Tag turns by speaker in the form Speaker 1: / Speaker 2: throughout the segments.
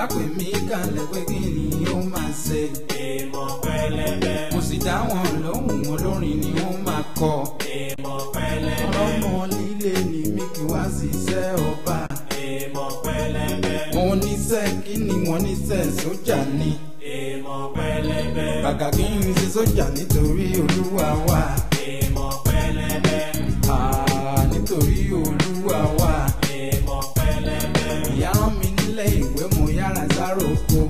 Speaker 1: ìyá pè kalẹ̀ pé kí ni ó máa ṣe. èèmọ̀ pẹlẹbẹ. mo sì dá wọn lóhùn olórin ni wọ́n máa kọ. èèmọ̀ pẹlẹbẹ. ọlọ́mọ líle ni mí kí wá ṣiṣẹ́ ọba. èèmọ̀ pẹlẹbẹ. wọn níṣẹ́ kí ni wọ́n níṣẹ́ sójà ni. èèmọ̀ pẹlẹbẹ. kàkà kí n ṣe sójà nítorí olúwa wa. yára sáró oko.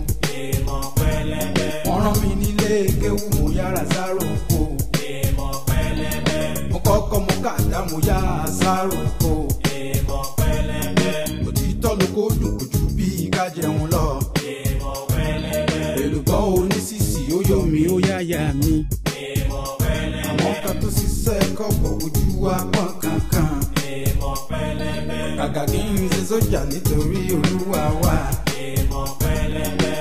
Speaker 1: èèmọ̀ pẹlẹbẹ. wọ́n rán mi nílé kéwú mo yára sáró oko. èèmọ̀ pẹlẹbẹ. mo kọ́kọ́ mo kàdá mo yára sáró oko. èèmọ̀ pẹlẹbẹ. òtítọ́ ló kó dùn ojú bí ká jẹun lọ. èèmọ̀ pẹlẹbẹ. èlùbọ́ oníṣìṣì ó yọ mi ó yáyà mi. èèmọ̀ pẹlẹbẹ. àwọn kan tó ṣiṣẹ́ kọ́kọ́ ojú wa kí n ṣe sójà nítorí olúwa wa. èèmọ̀ pẹlẹbẹ.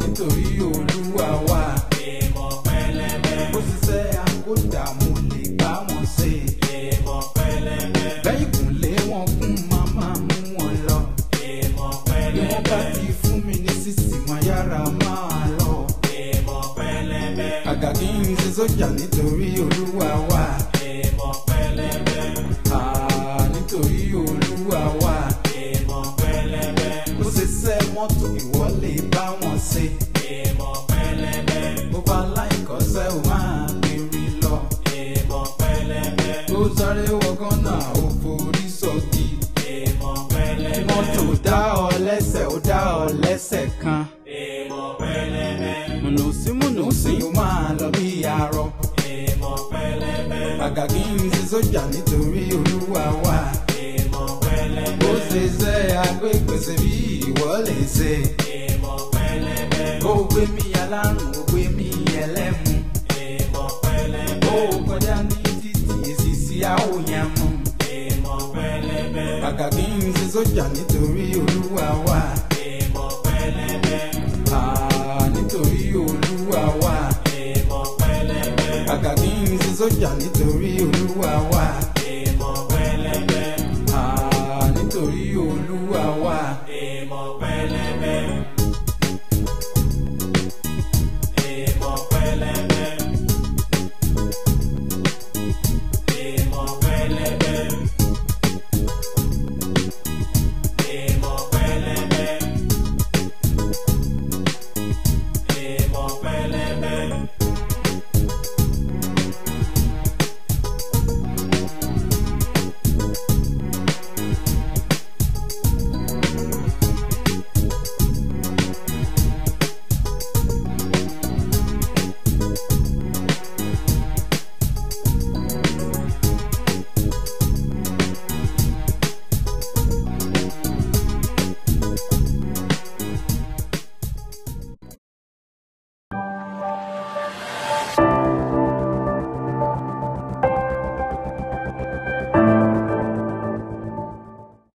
Speaker 1: nítorí olúwa wa. èèmọ̀ pẹlẹbẹ. ó ṣiṣẹ́ àkódà mo lè bá wọn ṣe. èèmọ̀ pẹlẹbẹ. lẹ́yìn kùnlé wọn kún màmá mú wọn lọ. èèmọ̀ pẹlẹbẹ. ni wọ́n bá ti fún mi ní sísì máa yára máa lọ. èèmọ̀ pẹlẹbẹ. àgàkí n ṣe sójà nítorí olúwa wa. olúwa wa. èèmọ̀ pẹlẹbẹ. bó ṣe ṣẹ́ wọ́n tó ìwọ lè bá wọn ṣe. èèmọ̀ pẹlẹbẹ. bó bá láìkọ́sẹ́ ò máa bèrè lọ. èèmọ̀ pẹlẹbẹ. ó sáré wọgán náà ó forí sọ́ọ̀kì. èèmọ̀ pẹlẹbẹ. mọ́tò dá ọ lẹ́sẹ̀ ó dá ọ lẹ́sẹ̀ kan. èèmọ̀ pẹlẹbẹ. mùnùsí mùnùsí ó máa lọ bí arọ. èèmọ̀ pẹlẹbẹ. àgàgí ń ṣe sójà nítorí olúwa wa. ṣe. èèmọ̀ pẹlẹbẹ. ó gbé mi alárùn ó gbé mi ẹlẹ́mu. èèmọ̀ pẹlẹbẹ. ó kọjá ní títì èsì sí àwòyàn mu. èèmọ̀ pẹlẹbẹ. kàkà kí n ṣe sójà nítorí olúwa wa. èèmọ̀ pẹlẹbẹ. àà nítorí olúwa wa. èèmọ̀ pẹlẹbẹ. kàkà kí n ṣe sójà nítorí.